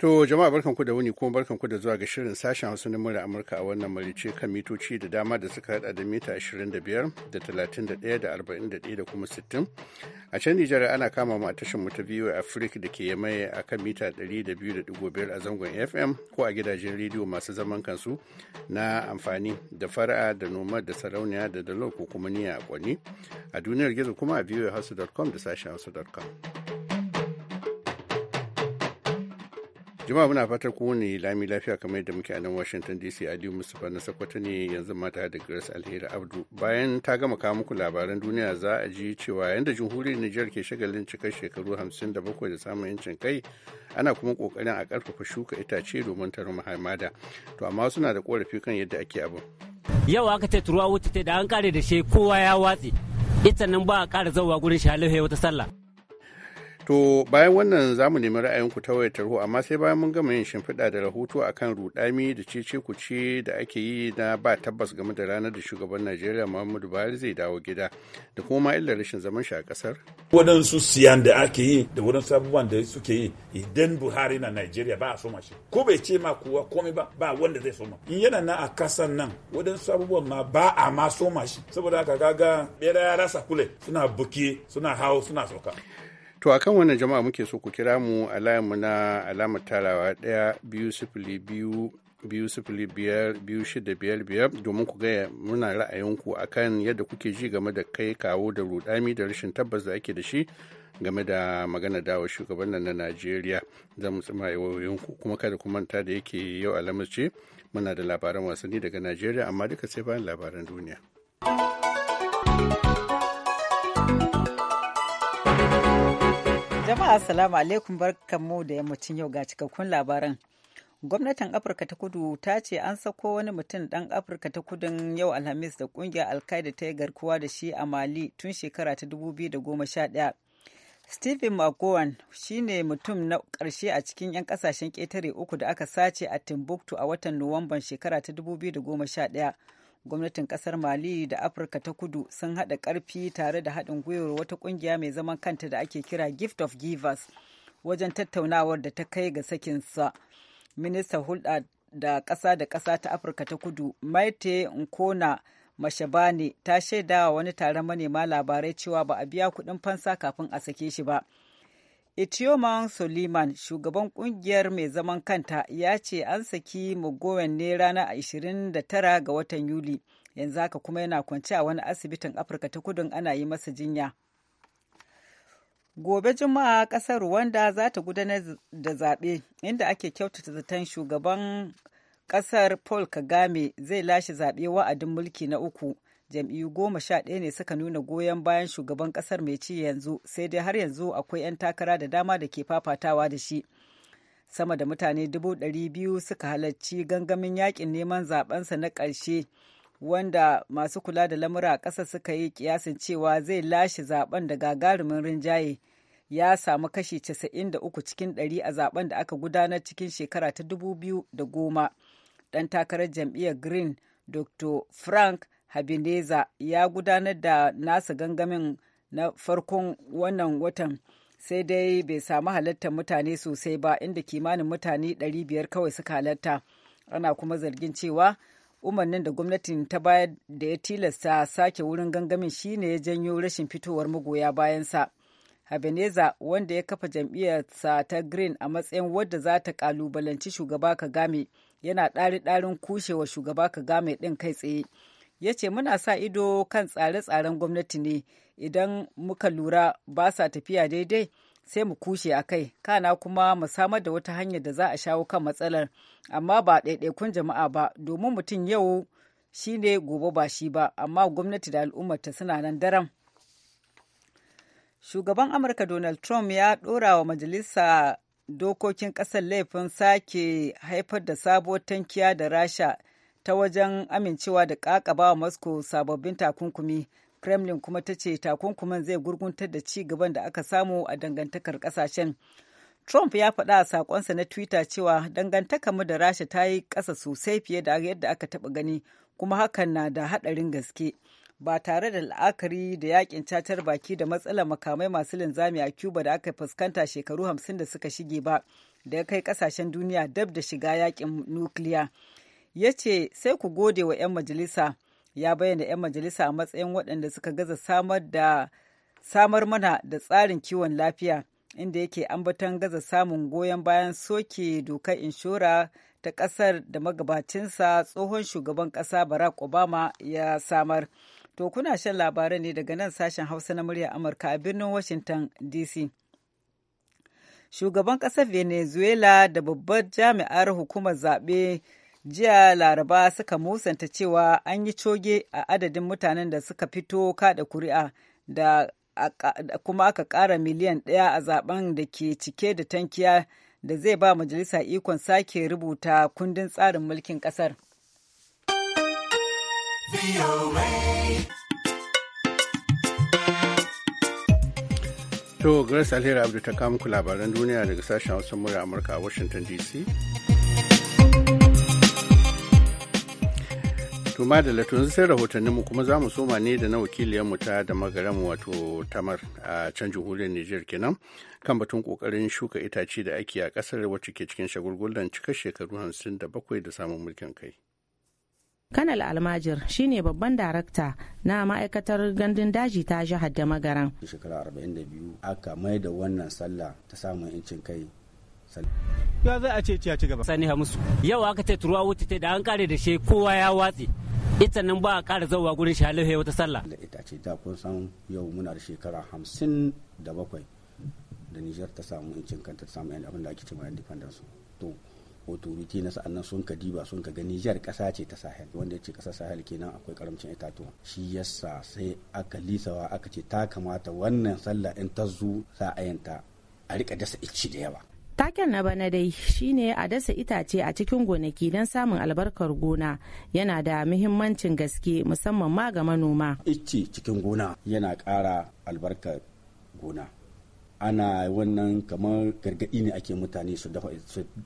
To jama'a barkanku da wuni kuma barkanku da zuwa ga shirin sashen Hausa na murya Amurka a wannan marice kan mitoci da dama da suka hada da mita 25 da 31 da 41 da kuma 60. A can Nijar ana kama mu a tashin mu ta biyu africa da ke yamaye a kan mita 200.5 a zangon FM ko a gidajen rediyo masu zaman kansu na amfani da fara'a da noma da sarauniya da dalo ko kuma niyya a kwani. A duniyar gizo kuma a biyu hausa.com da sashen hausa.com. Jama'a muna fatar ku ne lami lafiya kamar yadda muke a nan Washington DC Aliyu Mustapha na Sokoto ne yanzu mata da Grace Alheri Abdu. Bayan ta gama kawo muku labaran duniya za a ji cewa yadda jamhuriyar Nijar ke shagalin cikar shekaru hamsin da da samun yancin kai ana kuma kokarin a karfafa shuka itace domin tarin hamada. To amma suna da korafi kan yadda ake abin. Yau aka ce turuwa wuce da an kare da shi kowa ya watse. Ita nan ba a kara zauwa gurin shalihu wata sallah. To bayan wannan za mu nemi ra'ayinku ta wayar tarho amma sai bayan mun gama yin shimfiɗa da rahoto a kan rudami da cece ce da ake yi na ba tabbas game da ranar da shugaban Najeriya Muhammadu Buhari zai dawo gida da kuma illar rashin zaman shi a ƙasar. Waɗansu siyan da ake yi da waɗansu abubuwan da suke yi idan Buhari na Najeriya ba a soma shi ko bai ce ma kowa komai ba ba wanda zai soma. In yana nan a kasan nan waɗansu abubuwan ma ba a ma soma shi saboda haka kaga ɓera ya rasa kule suna buki suna hawo suna sauka. To a kan wannan jama'a muke so ku kira mu alamu na alamar tarawa daya biyu sifili biyu biyu sifili biyar biyu shida biyar biyar domin ku gaya muna ra'ayinku a kan yadda kuke ji game da kai kawo da rudami da rashin tabbas da ake da shi game da magana dawa shugaban nan na Najeriya zan mu tsima ku kuma kada ku manta da yake yau alamus ce muna da labaran wasanni daga Najeriya amma duka sai bayan labaran duniya. Jama'a assalamu alaikum kammu da yammacin yau ga cikakkun labaran. Gwamnatin Afirka ta Kudu ta ce an sako wani mutum ɗan Afirka ta Kudun yau Alhamis da ƙungiyar Alkaida ta yi garkuwa da shi a Mali tun shekara ta 2011. Stephen McGowan shi ne mutum na ƙarshe a cikin 'yan ƙasashen ketare uku da aka sace a Timbuktu a watan Nuwamban shekara ta 2011. gwamnatin kasar mali da afirka ta kudu sun haɗa ƙarfi tare da haɗin gwiwar wata ƙungiya mai zaman kanta da ake kira gift of givers wajen tattaunawar da ta kai ga sakinsa minista hulɗa da ƙasa da ƙasa ta afirka ta kudu maite nkona mashabane ta shaidawa wani taron manema labarai cewa ba a biya kuɗin fansa kafin a sake shi ba Etioman Suleiman, shugaban kungiyar mai zaman kanta, ya ce an saki Mugowen ne rana ranar 29 ga watan Yuli, yanzu haka kuma yana kwance a wani asibitin Afirka ta kudun ana yi masa jinya. Gobe Juma'a ƙasar Rwanda za ta gudanar da zaɓe inda ake kyautata zaton shugaban ƙasar Paul Kagame zai lashe zaɓe wa'adin mulki na uku. jam'iyyu goma sha ɗaya ne suka nuna goyon bayan shugaban ƙasar mai ci yanzu sai dai har yanzu akwai 'yan takara da dama da ke fafatawa da shi sama da mutane dubu ɗari biyu suka halarci gangamin yakin neman zaɓensa na ƙarshe wanda masu kula da lamura a ƙasa suka yi kiyasin cewa zai lashe zaɓen da gagarumin rinjaye ya samu kashi casa'in da uku cikin 100 a zaɓen da aka gudanar cikin shekara ta dubu biyu da goma ɗan takarar jam'iyyar green dr frank habineza ya gudanar da nasa gangamin na farkon wannan watan sai dai bai samu halartar mutane sosai ba inda kimanin mutane 500 kawai suka halarta ana kuma zargin cewa umarnin da gwamnatin ta bayar da ya tilasta sake wurin gangamin shine ya janyo rashin fitowar magoya bayansa habeneza wanda ya kafa jam'iyyarsa ta green a matsayin wadda za ta kalubalanci shugaba kagame yana ɗari-ɗarin kushewa shugaba kagame ɗin kai tsaye ya ce muna sa ido kan tsare-tsaren gwamnati ne idan muka lura ba sa tafiya daidai sai mu kushe a kai kana kuma mu samar da wata hanyar da za a shawo kan matsalar amma ba ɗaiɗaikun jama'a ba domin mutum yau shi ne gobe ba shi ba amma gwamnati da al'ummarta suna nan daren. shugaban amurka donald trump ya ɗora wa majalisa dokokin ƙasar laifin sake haifar da sabuwar tankiya da rasha ta wajen amincewa da ƙaƙabawa moscow sababbin takunkumi kremlin kuma ta ce takunkumin zai gurguntar da ci gaban da aka samu a dangantakar ƙasashen trump ya faɗa a sakonsa na twitter cewa dangantakar mu da rasha ta yi ƙasa sosai fiye da yadda aka taɓa gani kuma hakan na da haɗarin gaske ba tare da la'akari da yakin catar baki da matsalar makamai masu linzami a cuba da aka fuskanta shekaru hamsin da suka shige ba da ya kai ƙasashen duniya dab da shiga yakin nukiliya ya ce sai ku gode wa 'yan majalisa ya bayyana 'yan majalisa a matsayin waɗanda suka gaza samar da samar mana da tsarin kiwon lafiya inda yake ambaton gaza samun goyon bayan soke dokar inshora ta ƙasar da magabacinsa tsohon shugaban ƙasa barack obama ya samar to kuna shan labarai ne daga nan sashen hausa na murya amurka a birnin washington dc shugaban ƙasar venezuela da babbar jami'ar hukumar zaɓe jiya laraba suka musanta cewa an yi coge a adadin mutanen da suka fito kada kuri'a da kuma aka ƙara miliyan ɗaya a zaben da ke cike da tankiya da zai ba majalisa ikon sake rubuta kundin tsarin mulkin ƙasar. To, Grace Alheri Abdu ta kamuku labaran duniya daga sashen Hausa murya Amurka a Washington DC. suma da tun sai rahotanninmu mu kuma za mu soma ne da na wakiliyarmu ta da magaram wato tamar a can jamhuriyar niger kenan kan batun kokarin shuka itace da ake a kasar wacce ke cikin shagulgulan cikar shekaru hamsin da bakwai da samun mulkin kai. kanal almajir shine babban darakta na ma'aikatar gandun daji ta jihar da magaran shekara 42 aka mai da wannan sallah ta samun incin kai ya za a ce ci gaba sani musu yau aka ce turuwa wuce da an kare da shi kowa ya watse ita nan ba a ƙara zauwa gurin shi halaye wata sallah da ita ce ta kun san yau muna da shekara hamsin da bakwai da nijar ta samu incin kanta ta samu abin da ake cewa independence to otoriti na sa'an nan sun ka diba sun ka ga Nijar ƙasa ce ta Sahel wanda ya ce ƙasar Sahel kenan akwai karamcin itatuwa shi yasa sai aka lisawa aka ce ta kamata wannan sallah in ta zu za a yanta a rika dasa ici da yawa Taken na bana dai shine a dasa itace a cikin gonaki don samun albarkar gona yana da muhimmancin gaske musamman ma ga manoma. Icce cikin gona yana ƙara albarkar gona. ana wannan kamar gargaɗi ne ake mutane su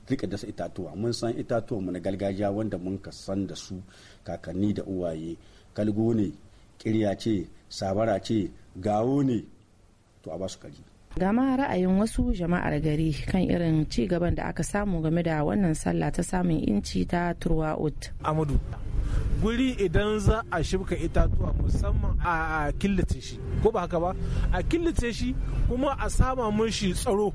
rika dasa itatuwa mun san itatuwa mu na gargajiya wanda mun ka san da su kakanni da uwaye kalgo ne kirya ce sabara ce gawo ne to a ba su kari gama ra'ayin wasu jama'ar gari kan irin ci gaban da aka samu game da wannan sallah ta samun inci ta turwa'ut amadu guri idan za a shibka itatuwa musamman a killace shi ko ba haka ba a killace shi kuma a sama mun shi tsaro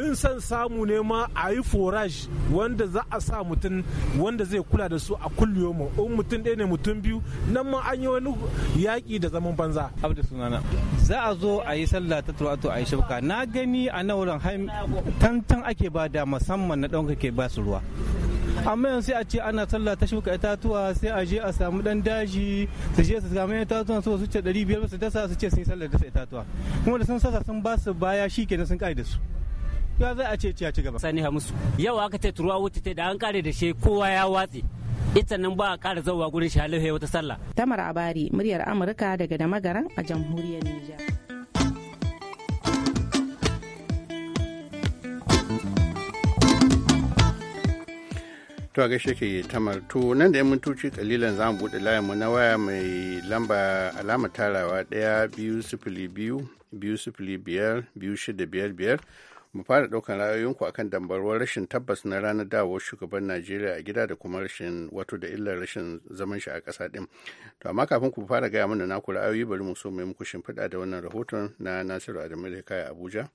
in san samu ne ma a yi forage wanda za a sa mutum wanda zai kula da su a kulliyomu in mutum ɗaya ne mutum biyu nan ma an yi wani yaƙi da zaman banza abu sunana za a zo a yi sallah ta turatu a yi shabka na gani a nauran tantan ake ba da musamman na ɗan ke ba su ruwa amma yanzu sai a ce ana sallah ta shuka itatuwa sai a je a samu dan daji su je su samu itatuwa su ce 500 su dasa su ce sun yi sallar dasa itatuwa kuma da sun sasa sun ba su baya kenan sun kai da su ya za a ce ci ci gaba sani hamisu yau aka ce turuwa wuce ta da an kare da shi kowa ya watse ita nan ba a kara zauwa gurin shi wata sallah tamar abari muryar amurka daga damagaran a jamhuriyar nijar to a gaishe ke tamar to nan da yan mintoci kalilan za mu buɗe layinmu na waya mai lamba alama tarawa ɗaya biyu sifili biyu biyu sifili biyar biyu shida biyar biyar mu fara ɗaukar ra'ayoyinku akan dambarwar rashin tabbas na ranar dawowar shugaban najeriya a gida da kuma rashin wato da illar rashin zaman shi a ƙasa ɗin to amma kafin ku fara gaya mana naku ra'ayoyi bari mu so mai muku shimfiɗa da wannan rahoton na nasiru adamu da kaya abuja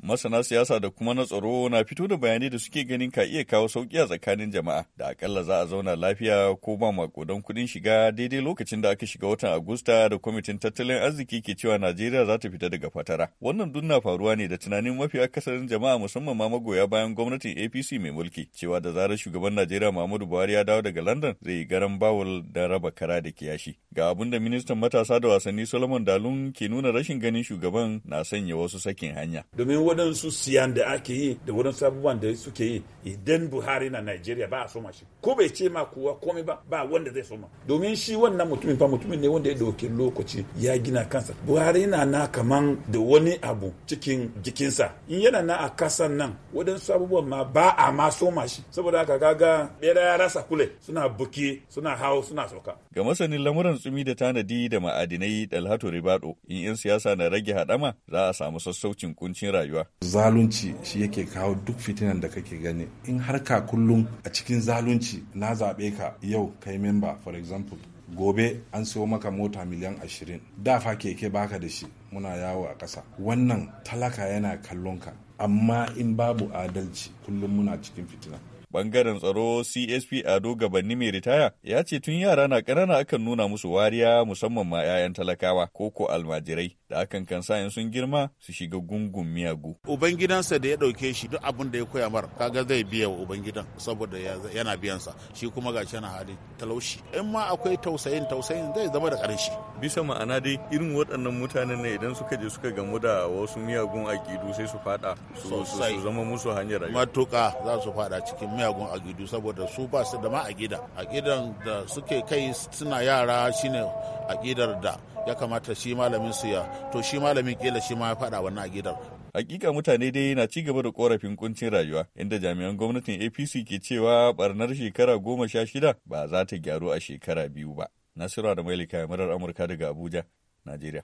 Masana siyasa da kuma na tsaro na fito da bayanai da suke ganin ka iya kawo sauki a tsakanin jama'a da akalla za a zauna lafiya ko ba makodan kuɗin shiga daidai lokacin da aka shiga watan Agusta da kwamitin tattalin arziki ke cewa Najeriya za ta fita daga fatara. Wannan duk na faruwa ne da tunanin mafi akasarin jama'a musamman ma magoya bayan gwamnatin APC mai mulki cewa da zarar shugaban Najeriya Muhammadu Buhari ya dawo daga London zai yi garan bawul da raba kara da kiyashi. Ga abin da ministan matasa da wasanni Solomon Dalun ke nuna rashin ganin shugaban na sanya wasu sakin hanya. Domin waɗansu siyan da ake yi da waɗansu abubuwan da suke yi idan buhari na nigeria ba a soma shi ko bai ce ma kowa komai ba ba wanda zai soma domin shi wannan mutumin fa mutumin ne wanda ya ɗauki lokaci ya gina kansa buhari na na kaman da wani abu cikin jikinsa in yana na a kasan nan waɗansu abubuwan ma ba a ma soma shi saboda haka kaga bera ya rasa kule suna buki suna hawo suna sauka ga masanin lamuran tsumi da tanadi da ma'adinai dalhatu ribado in 'yan siyasa na rage haɗama za a samu sassaucin kuncin rayuwa rayuwa zalunci shi yake kawo duk fitinan da kake gani in har ka kullum a cikin zalunci na zaɓe ka yau kai memba for example gobe an siyo maka mota miliyan ashirin da fa keke baka da shi muna yawo a ƙasa wannan talaka yana kallon ka amma in babu adalci kullum muna cikin fitina Bangaren tsaro CSP Ado Gabanni mai ritaya ya ce tun yara na ƙanana akan nuna musu wariya musamman ma 'ya'yan talakawa ko ko almajirai da akan kan sa sun girma su shiga gungun miyagu. Ubangidansa da ya ɗauke shi duk abin da ya koya mar kaga zai biya wa ubangidan saboda yana biyansa shi kuma ga na hali talaushi. In ma akwai tausayin tausayin zai zama da ƙarshe. Bisa ma'ana dai irin waɗannan mutanen ne idan suka je suka gamu da wasu miyagun aƙidu sai su faɗa su zama musu hanyar rayuwa. Matuƙa za su faɗa cikin miyagun agidu saboda su ba su da ma agida agidan da suke kai suna yara shine agidar da ya kamata shi malamin su ya to shi malamin kila shi ma ya faɗa wannan agidar hakika mutane dai na ci gaba da korafin kuncin rayuwa inda jami'an gwamnatin apc ke cewa barnar shekara goma sha shida ba za ta gyaru a shekara biyu ba Nasiru da mailika murar amurka daga abuja najeriya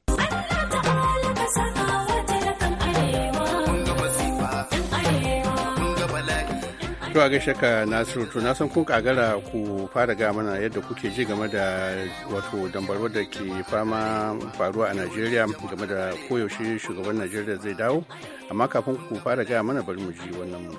To a gaishe ka Nasiru to na san kun kagara ku fara ga mana yadda kuke ji game da wato dambarwar da ke fama faruwa a Najeriya game da koyaushe shugaban Najeriya zai dawo amma kafin ku fara ga mana bari mu ji wannan mu.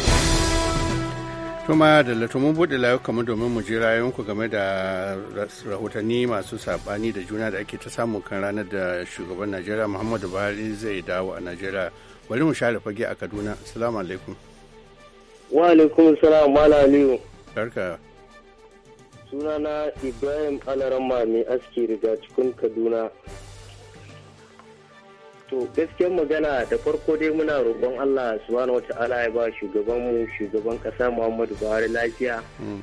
kuma da mun buɗe layukanmu domin mu ji rayuwanku game da rahotanni masu saɓani da juna da ake ta samu kan ranar da shugaban Najeriya Muhammadu Buhari zai dawo a Najeriya. Bari mu share fage a Kaduna. Assalamu alaikum. Wa alaikum salam mala Aliyu. Barka. Sunana Ibrahim Alaramma ne aski riga cikin Kaduna. to gaskiyar magana da farko dai muna roƙon Allah subhanahu wata'ala ya ba shugaban mu shugaban kasa Muhammadu Buhari lafiya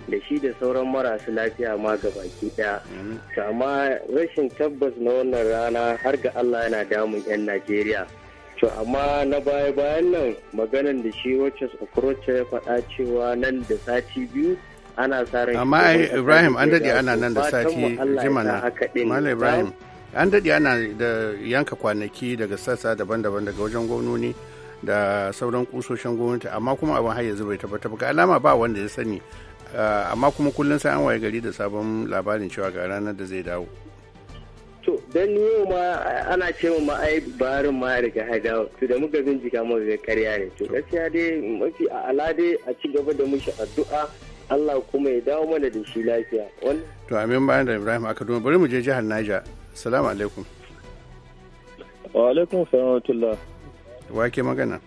da shi da sauran marasu lafiya ma gabaki daya to amma rashin tabbas na wannan rana har ga Allah yana damun 'yan Najeriya to amma na baya bayan nan maganan da shi wacce Okorocha ya faɗa cewa nan da sati biyu ana sa ran amma Ibrahim an dade ana nan da sati jimana Malam Ibrahim an daɗe ana da yanka kwanaki daga sassa daban-daban daga wajen gwamnoni da sauran kusoshin gwamnati amma kuma abin har yanzu bai tabbata ga alama ba wanda ya sani eh, amma kuma kullum sai an waye gari da sabon labarin cewa ga ranar da zai dawo to dan yau ma ana ce ma ai barin ma ya riga ya to da muka bincika mu zai karya ne to gaskiya dai mafi ala dai a ci gaba da mushi addu'a Allah kuma ya dawo mana da shi lafiya to amin bayan da Ibrahim aka duma bari mu je jihar Niger salamu alaikum wa alaikum salamatullah wa ke magana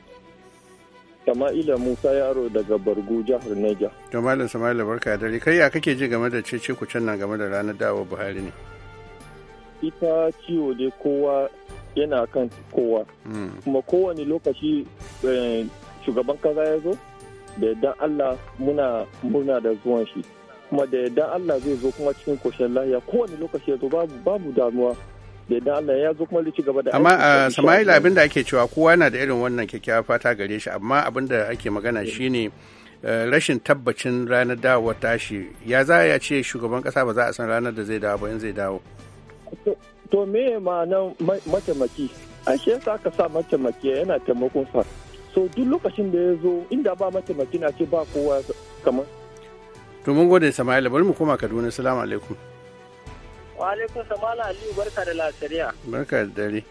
sama'ila musa yaro daga bargu jihar neja to sama'ila barka dare kai kake ji game da cece ku can game da ranar dawo buhari ne ita ciwo dai kowa yana kan kowa hmm. kuma kowane lokaci eh, shugaban kaza ya zo da allah muna murna da zuwan shi kuma da yadda Allah zai zo kuma cikin koshin lahiya kowane lokaci ya zo babu babu damuwa da yadda Allah ya zo kuma zai ci gaba da amma a uh, samayi abin da ake cewa kowa na da irin wannan kyakkyawar fata gare shi amma abin da ake magana eh. shine uh, rashin tabbacin ranar dawowa tashi ya za ya ce shugaban kasa ba za a san ranar da zai dawo ba in zai dawo to me ma'anar mataimaki a shi yasa aka sa mataimaki yana taimakon sa so duk lokacin da ya zo inda ba mataimaki na ce ba kowa kamar to mun gode Sama'ila bari mu koma Kaduna salamu alaikum wa alaikum samala aliyu barka da lasariya barka da dare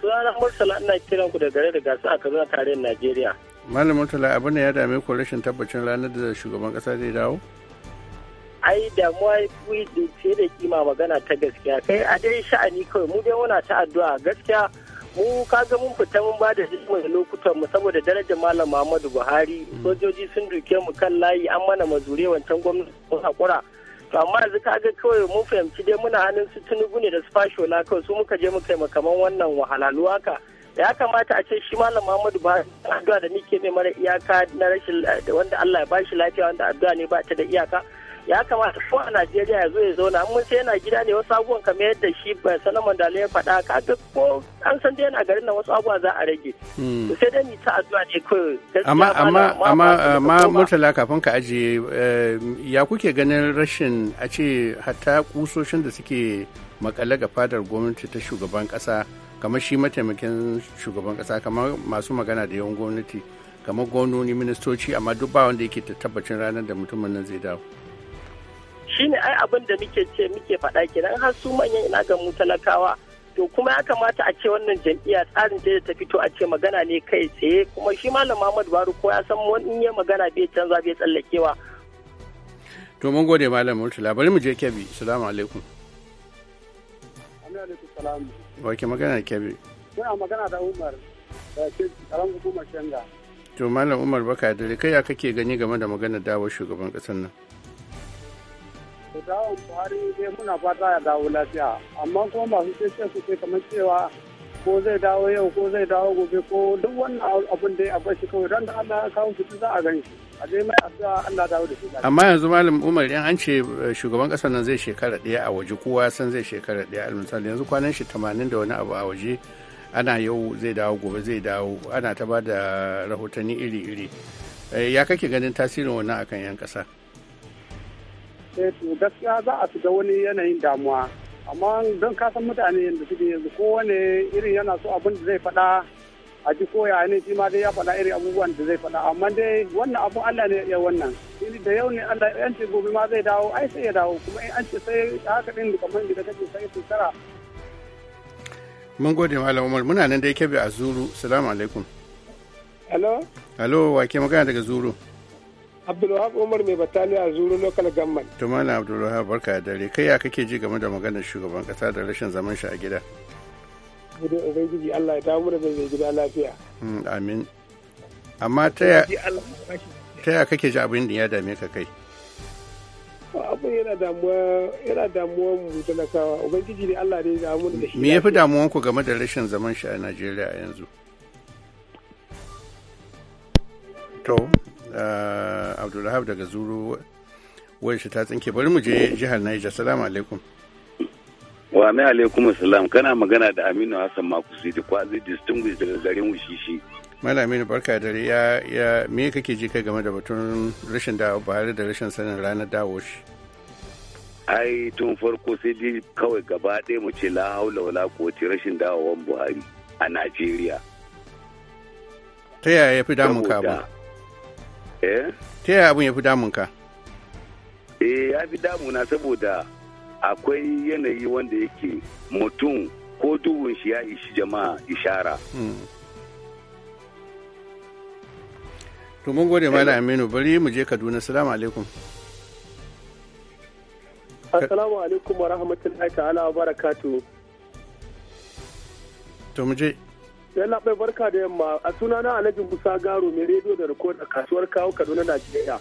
sunana murtala ina kiran ku da gare da gasa a kaduna tarayyar najeriya malam murtala abin da ya dame ku rashin tabbacin ranar da shugaban kasa zai dawo ai damuwa fiye da kima magana ta gaskiya kai a dai sha'ani kawai mu dai muna ta addu'a gaskiya mu ga mun fita mun ba da hikimar lokutan mu saboda darajar malam Muhammadu Buhari sojoji sun duke mu kan layi an mana mazure wancan gwamnati hakura to amma yanzu kaga kawai mun fahimci dai muna hannun su tunugu ne da su fasho na kawai su muka je muka yi makaman wannan wahalalu haka ya kamata a ce shi malam Muhammadu Buhari addu'a da nike mai mara iyaka na rashin wanda Allah ya bashi lafiya wanda addu'a ne ba ta da iyaka ya kamata ko a Najeriya ya zo ya zauna mun sai yana gida ne wasu abubuwan kamar yadda shi ba Solomon Dale ya faɗa ga ko an san dai yana garin nan wasu abubuwa za a rage hmm. sai dai ni ta addu'a ne ko amma amma amma amma Murtala kafin ka aje eh, ya kuke ganin rashin a ce hatta kusoshin da suke makale ga fadar gwamnati ta shugaban kasa kamar shi mataimakin shugaban kasa kamar masu magana da yawan gwamnati kamar gwamnoni ministoci amma duk ba wanda yake tabbacin ranar da mutumin nan zai dawo shine ai abin da muke ce muke faɗa kenan har su manyan ina ga mu talakawa to kuma ya kamata a ce wannan jam'iyya tsarin da ta fito a ce magana ne kai tsaye kuma shi malam Muhammad Baru ko ya san wani ya magana bai canza bai tsallakewa to mun gode malam Murtala bari mu je Kebbi assalamu alaikum wa ke magana Kebbi kuna magana da Umar da ke karan hukumar Shanga to malam Umar baka dare kai ya kake gani game da maganar dawo shugaban kasar nan Dawo Buhari dai muna fata ya dawo lafiya, amma kuma masu cece su ce kamar cewa ko zai dawo yau ko zai dawo gobe ko duk wannan abin da ya bashi kawai don da Allah ya kawo fiti za a gani. A dai mai addu'a Allah dawo da shi. Amma yanzu Malam Umar in an ce eh, shugaban ƙasar nan zai shekara ɗaya a waje kowa san zai shekara ɗaya a yanzu kwanan shi tamanin da wani abu a waje ana yau zai dawo gobe zai dawo ana ta ba da rahotanni iri-iri. Eh, ya kake ganin tasirin wannan akan 'yan ƙasa? eh to gaskiya za a shiga wani yanayin damuwa amma don kasan mutane yadda suke yanzu kowane irin yana so abin da zai faɗa a ji koya ne shi ma dai ya faɗa irin abubuwan da zai faɗa amma dai wannan abu Allah ne ya wannan shi da yau ne Allah ya ce gobe ma zai dawo ai sai ya dawo kuma in an ce sai haka din kamar da kake sai su tara mun gode malam Umar muna nan dai kebe a Zuru assalamu alaikum hello hello wa ke magana daga Zuru Abdulwahab Umar mai bataliya Zuru Local Government. Tumana Abdulwahab barka da dare kai ya kake ji game da maganar shugaban kasa da rashin zaman shi a gida. Gudun Ubangiji Allah ya dawo da zai gida lafiya. Hmm, amin. Amma ta ya kake ji abin da ya dame ka kai? abin yana damuwa yana damuwa mu da talakawa ubangiji ne Allah ne ya mu da shi me yafi damuwan ku game da rashin zaman shi a Najeriya yanzu to Eh, abdulrahab daga zuru wai shi ta tsinke bari mu je jihar niger salamu alaikum wa mai alaikum salam kana magana da aminu hassan makusi da kwazi distinguish daga garin wushishi aminu barka da ya ya me kake ji kai game da batun rashin da buhari da rashin sanin ranar dawo shi ai tun farko sai dai kawai gaba ɗaya mu ce la haula wala quwwata rashin dawowan buhari a najeriya ta yaya ya fi damun ka Eh? ta yaya abin ya fi damun ka eh ya fi damuna saboda akwai yanayi wanda yake mutum ko duhun shi ya ishi jama'a ishara hmm. to mun gode malam aminu bari mu je kaduna salamu alaikum assalamu alaikum wa rahmatullahi ta'ala wa barakatu to mu je Yalla bai barka da yamma a suna na Alhaji Musa Garo mai rediyo da a kasuwar kawo Kaduna Najeriya.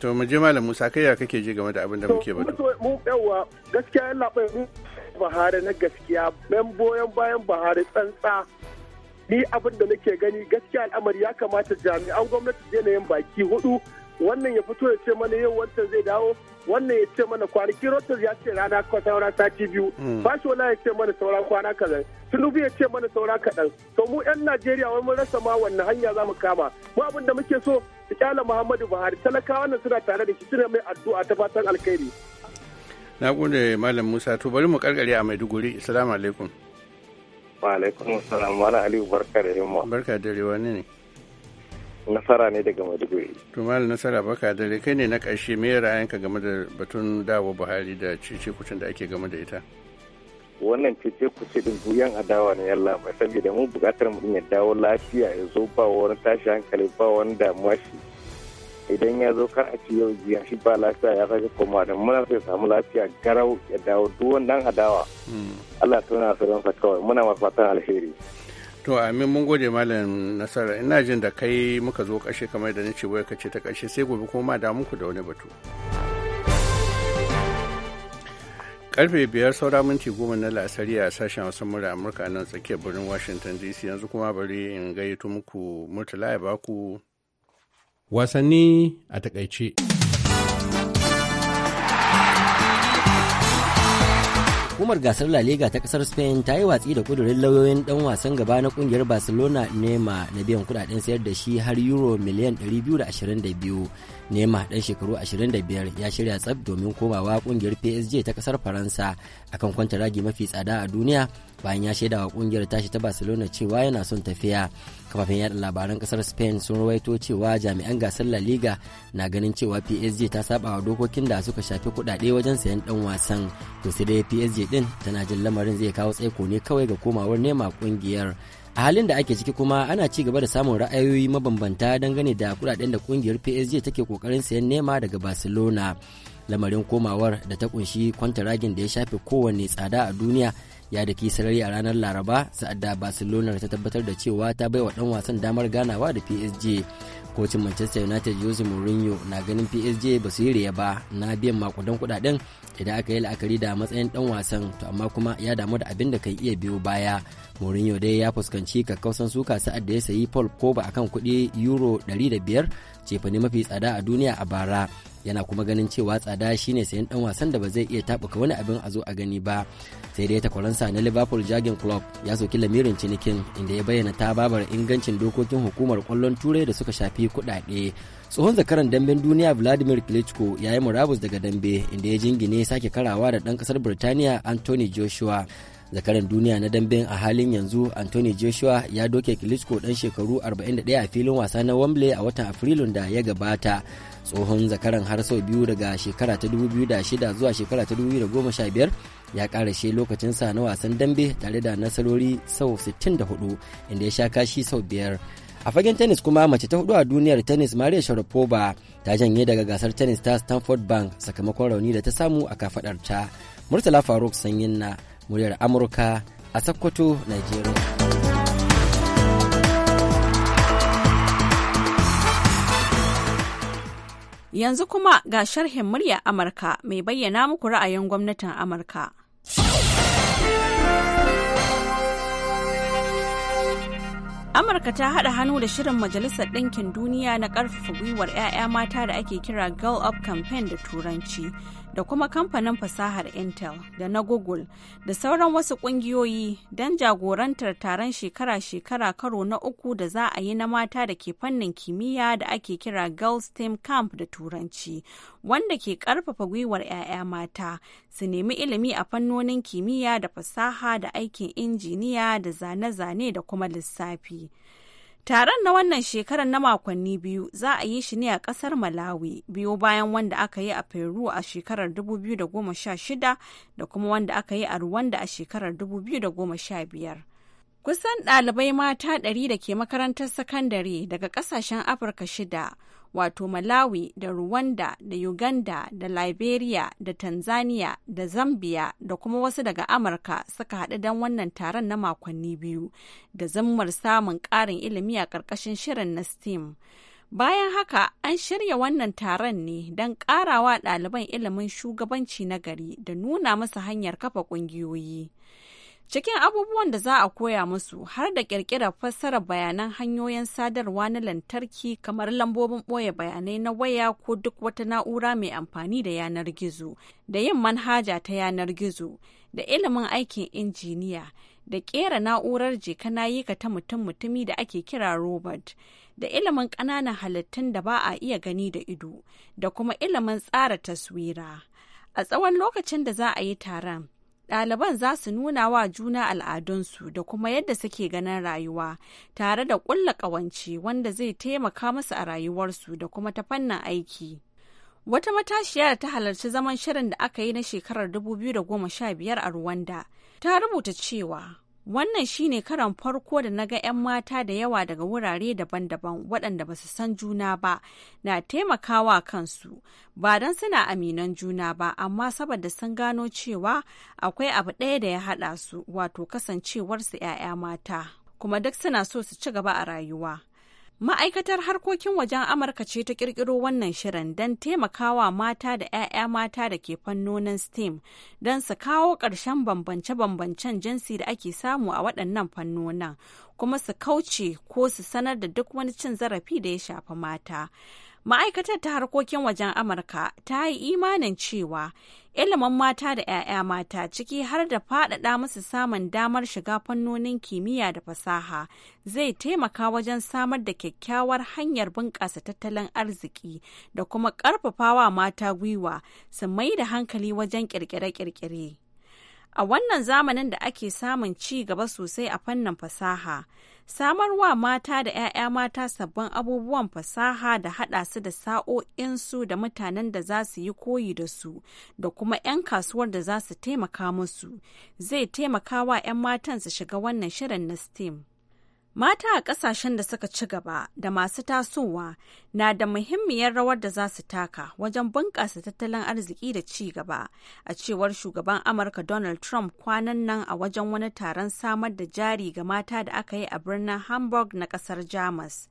To mu je Malam Musa kai ya kake ji game da abin da muke ba. to Mu yawa gaskiya yalla bai mu bahare na gaskiya men boyan bayan bahare tsantsa ni abin da nake gani gaskiya al'amari ya kamata jami'an gwamnati je na yin baki hudu wannan ya fito ya ce mana yau wancan zai dawo wannan ya ce mana kwanaki Rotters ya ce rana ko saura sati biyu Fashola hmm. ya ce mana saura kwana kaza Tinubu ya ce mana saura kaɗan to mu 'yan Najeriya wai mun rasa ma wannan hanya za mu kama mu abin da muke so su kyala Muhammadu Buhari talakawa nan suna tare da shi suna mai addu'a ta fatan alkhairi na gode malam Musa to bari mu karkare a Maiduguri assalamu alaikum wa alaikum assalam wa alihi barka da yamma barka da rewa ne nasara ne daga maiduguri Tumal nasara baka dare kai ne na ƙarshe me ra'ayinka game da batun dawo buhari da cece kucin da ake game da ita wannan cece kucin din buyan adawa ne yalla mai saboda mu buƙatar mu ya dawo lafiya ya zo ba wani tashi hankali ba wani damuwa shi idan ya zo kar a ci yau jiya shi ba lafiya ya sake koma da muna sai samu lafiya garau ya dawo duk wannan adawa hmm. Allah tona su sa kawai muna masa fatan alheri to amin mun gode malam nasara ina jin da kai muka zo kashe kamar da nace wai kace ta kashe sai gobe kuma da muku da wani batu karfe biyar saura minti goma na la'asari a sashen wasu mura amurka nan tsakiyar birnin washington dc yanzu kuma bari in gayyato muku murtala ya baku wasanni a takaice. hukumar gasar La Liga ta kasar Spain ta yi watsi da kudurin lauyoyin dan wasan gaba na kungiyar Barcelona Neymar na biyan kudaden sayar da shi har euro miliyan 222. Neymar dan shekaru 25 ya shirya tsab domin komawa kungiyar PSG ta kasar Faransa akan kwantaragi mafi tsada a duniya bayan ya shaidawa kungiyar tashi ta Barcelona cewa yana son tafiya. kafafen yada labaran kasar spain sun rawaito cewa jami'an gasar la liga na ganin cewa psg ta saba wa dokokin da suka shafi kudade wajen sayan dan wasan to sai dai psg din tana jin lamarin zai kawo tsaiko ne kawai ga komawar nema kungiyar a halin da ake ciki kuma ana ci gaba da samun ra'ayoyi mabambanta dangane da kudaden da kungiyar psg take kokarin sayan nema daga barcelona lamarin komawar da ta kunshi kwantaragin da ya shafe kowanne tsada a duniya ya daki sarari a ranar laraba sa'adda barcelona ta tabbatar da cewa ta bai wa ɗan wasan damar ganawa da psg kocin manchester united jose mourinho na ganin psg ba su yi riya ba na biyan makudan kudaden idan aka yi la'akari da matsayin ɗan wasan to amma kuma ya damu da abin da kan iya biyo baya mourinho dai ya fuskanci kakkausan suka sa'ad da ya sayi paul koba akan kuɗi euro 105 cefane mafi tsada a duniya a bara yana kuma ganin cewa tsada shine sayan dan wasan da ba zai iya tabuka wani abin a zo a gani ba sai dai takwaransa na liverpool jagen club ya soki lamirin cinikin inda ya bayyana ta babar ingancin dokokin hukumar kwallon turai da suka shafi kudade tsohon zakaran damben duniya vladimir klitschko ya yi murabus daga dambe inda ya jingine sake karawa da ɗan ƙasar birtaniya anthony joshua zakaran duniya na damben a halin yanzu anthony joshua ya doke klitschko dan shekaru 41 a filin wasa na wembley a watan afrilun da ya gabata tsohon zakaran har sau biyu daga shekara ta 2006 zuwa shekara ta 2015 ya karashe lokacinsa na wasan dambe tare da nasarori sau 64 inda ya sha kashi sau biyar a fagen tennis kuma mace ta hudu a duniyar tennis maria sharapova ta janye daga gasar tennis ta stanford bank sakamakon rauni da ta samu a ta murtala faruk sanyin na muryar amurka a sokoto nigeria Yanzu kuma ga sharhin murya Amurka mai bayyana muku ra'ayin gwamnatin Amurka. Amurka ta haɗa hannu da shirin Majalisar Ɗinkin Duniya na ƙarfafa gwiwar 'ya'ya mata da ake kira Girl Up Campaign da Turanci da kuma kamfanin fasahar Intel da na Google da sauran wasu kungiyoyi don jagorantar taron shekara-shekara karo na uku da za a yi na mata da ke fannin kimiyya da ake kira Girls STEM Camp da Turanci, wanda ke karfafa gwiwar 'ya'ya mata su nemi ilimi a fannonin kimiyya da fasaha da aikin injiniya da zane-zane da kuma lissafi. Taron na wannan shekarar na makonni biyu za a yi shi ne a kasar Malawi biyu bayan wanda aka yi a Peru a shekarar 2016 da kuma wanda aka yi a Rwanda a shekarar 2015. Kusan ɗalibai mata ɗari da ke makarantar sakandare daga ƙasashen Afirka shida wato Malawi da Rwanda da Uganda da Liberia da Tanzania da Zambia da kuma wasu daga Amurka suka haɗu don wannan taron na makonni biyu da zammar samun ƙarin ilimi a ƙarƙashin shirin na STEAM. Bayan haka an shirya wannan taron ne don ƙarawa ɗaliban ilimin shugabanci na gari da nuna masa hanyar kafa ƙungiyoyi. Cikin abubuwan da za a koya musu har da ƙirƙirar fassarar bayanan hanyoyin sadarwa na lantarki kamar lambobin ɓoye bayanai na waya ko duk wata na'ura mai amfani da yanar gizo, da yin manhaja ta yanar gizo, da ilimin aikin injiniya, da ƙera na'urar jikanayika ta mutum-mutumi da ake kira robot, da ilimin ƙananan halittun da ba a iya gani da ido, da kuma ilimin tsara taswira. A tsawon lokacin da za a yi taron. ɗaliban za su nuna wa juna al'adunsu da kuma yadda suke ganin rayuwa tare da ƙulla ƙawance wanda zai taimaka musu a rayuwarsu da kuma ta fannin aiki. Wata matashiya da ta halarci zaman shirin da aka yi na shekarar 2015 a Rwanda ta rubuta cewa Wannan shine karan farko da na ga 'yan mata da yawa daga wurare daban-daban waɗanda ba su san juna ba na taimakawa kansu ba don suna aminan juna ba amma saboda sun gano cewa akwai abu ɗaya da ya haɗa su wato kasancewarsu 'ya'ya mata kuma duk suna so su ci gaba a rayuwa. Ma'aikatar harkokin wajen Amurka ce ta kirkiro wannan shirin don taimakawa mata da 'ya'ya mata da ke fannonin STEAM don su kawo ƙarshen bambance-bambancen jinsi da ake samu a waɗannan fannonin kuma su kauce ko su sanar da duk wani cin zarafi da ya shafi mata. Ma'aikatar ta harkokin wajen Amurka ta yi imanin cewa ilimin mata da 'ya'ya mata ciki har da faɗaɗa musu samun damar shiga fannonin kimiyya da fasaha zai taimaka wajen samar da kyakkyawar hanyar bunƙasa tattalin arziki da kuma ƙarfafawa mata gwiwa su mai da hankali wajen ƙirƙire-ƙirƙire. A wannan zamanin da ake samun ci gaba sosai a fannin fasaha. samarwa mata da 'ya'ya mata sabbin abubuwan fasaha da haɗa su da sa'o'insu da mutanen da za su yi koyi da su da kuma 'yan kasuwar da za su taimaka musu zai taimaka wa 'yan matan su shiga wannan shirin na STEAM. Mata a ƙasashen da suka ci gaba da masu tasowa na da muhimmiyar rawar da za su taka wajen bunƙasa tattalin arziki da ci gaba, a cewar shugaban Amurka Donald Trump kwanan nan a wajen wani taron samar da jari ga mata da aka yi a birnin Hamburg na ƙasar Jamus.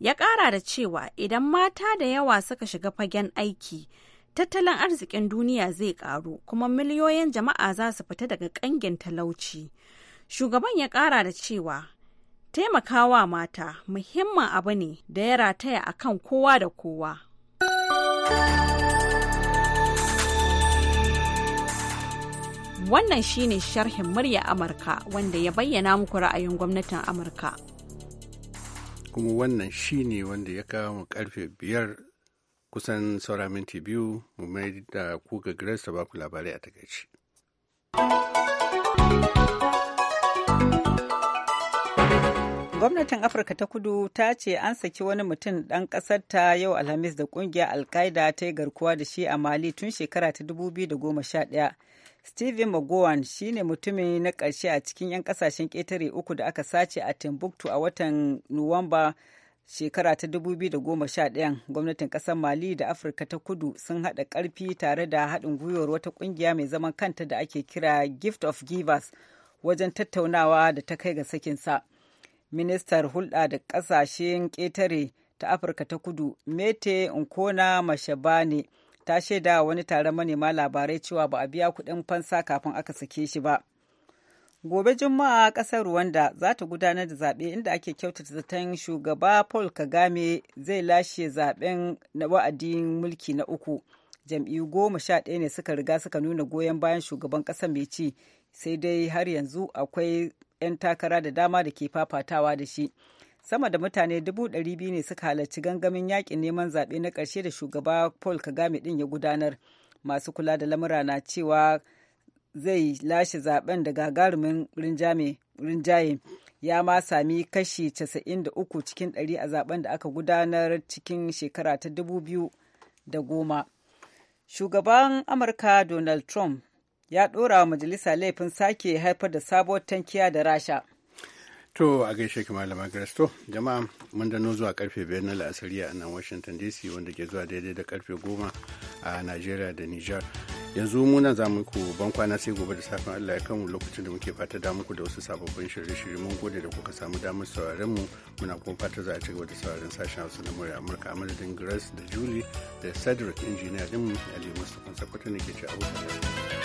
Ya ƙara da cewa idan mata da yawa suka shiga fagen aiki, tattalin arzikin duniya zai ƙaru kuma miliyoyin jama'a za su fita daga ƙangin talauci. Shugaban ya ƙara da cewa taimakawa mata muhimmin abu ne da ya rataya a kan kowa da kowa. Wannan shi ne sharhin murya Amurka wanda ya bayyana muku ra'ayin gwamnatin Amurka. Kuma wannan shi ne wanda ya kawo mu karfe biyar kusan saura minti biyu mu mai da kuka ga Grace ta baku labarai a takaici. Gwamnatin Afirka ta kudu ta ce an saki wani mutum ɗan ta yau Alhamis da ƙungiyar Alkaida ta yi garkuwa da shi a Mali tun shekara ta 2011. Steven Magowan shi ne mutumin na ƙarshe a cikin 'yan ƙasashen ƙetare uku da aka sace a Timbuktu a watan Nuwamba shekara ta 2011 gwamnatin ƙasar mali da afirka ta kudu sun haɗa ƙarfi tare da haɗin gwiwar wata ƙungiya mai zaman kanta da ake kira gift of givers wajen tattaunawa da ta kai ga sakinsa ministar hulɗa da ƙasashen ƙetare ta afirka ta kudu mete nkona mashabane ta shaida wani taron manema labarai cewa ba a biya kuɗin fansa kafin aka sake shi ba gobe juma'a ƙasar rwanda za ta gudanar da zaɓe inda ake kyautata zaton shugaba paul kagame zai lashe zaɓen na wa'adin mulki na uku jam'iyyu goma sha ɗaya ne suka riga suka nuna goyon bayan shugaban ƙasa mai ci sai dai har yanzu akwai 'yan takara da dama da ke fafatawa da shi sama da mutane dubu ɗari biyu ne suka halarci gangamin yakin neman zaɓe na ƙarshe da shugaba paul kagame ɗin ya gudanar masu kula da lamura na cewa zai lashe zaɓen da gagarumin rinjaye ya ma sami kashi 93 cikin 100 a zaɓen da aka gudanar cikin shekara ta da 2010 shugaban amurka donald trump ya ɗora wa majalisa laifin sake haifar da sabuwar tankiya da rasha. To a gaishe ki malama Grasto, jama'a mun dano zuwa karfe biyar na la'asari a nan Washington DC wanda ke zuwa daidai da karfe goma a Najeriya da Nijar. Yanzu muna za mu ku ban kwana sai gobe da safin Allah ya kanmu lokacin da muke fata da muku da wasu sababbin shirye-shirye mun gode da kuka samu damar sauraron mu muna kuma fata za a ci gaba da sauraren sashen Hausa na murya Amurka a madadin Grace da Julie da Cedric injiniya din Ali Mustapha Sakwato ne ke ci a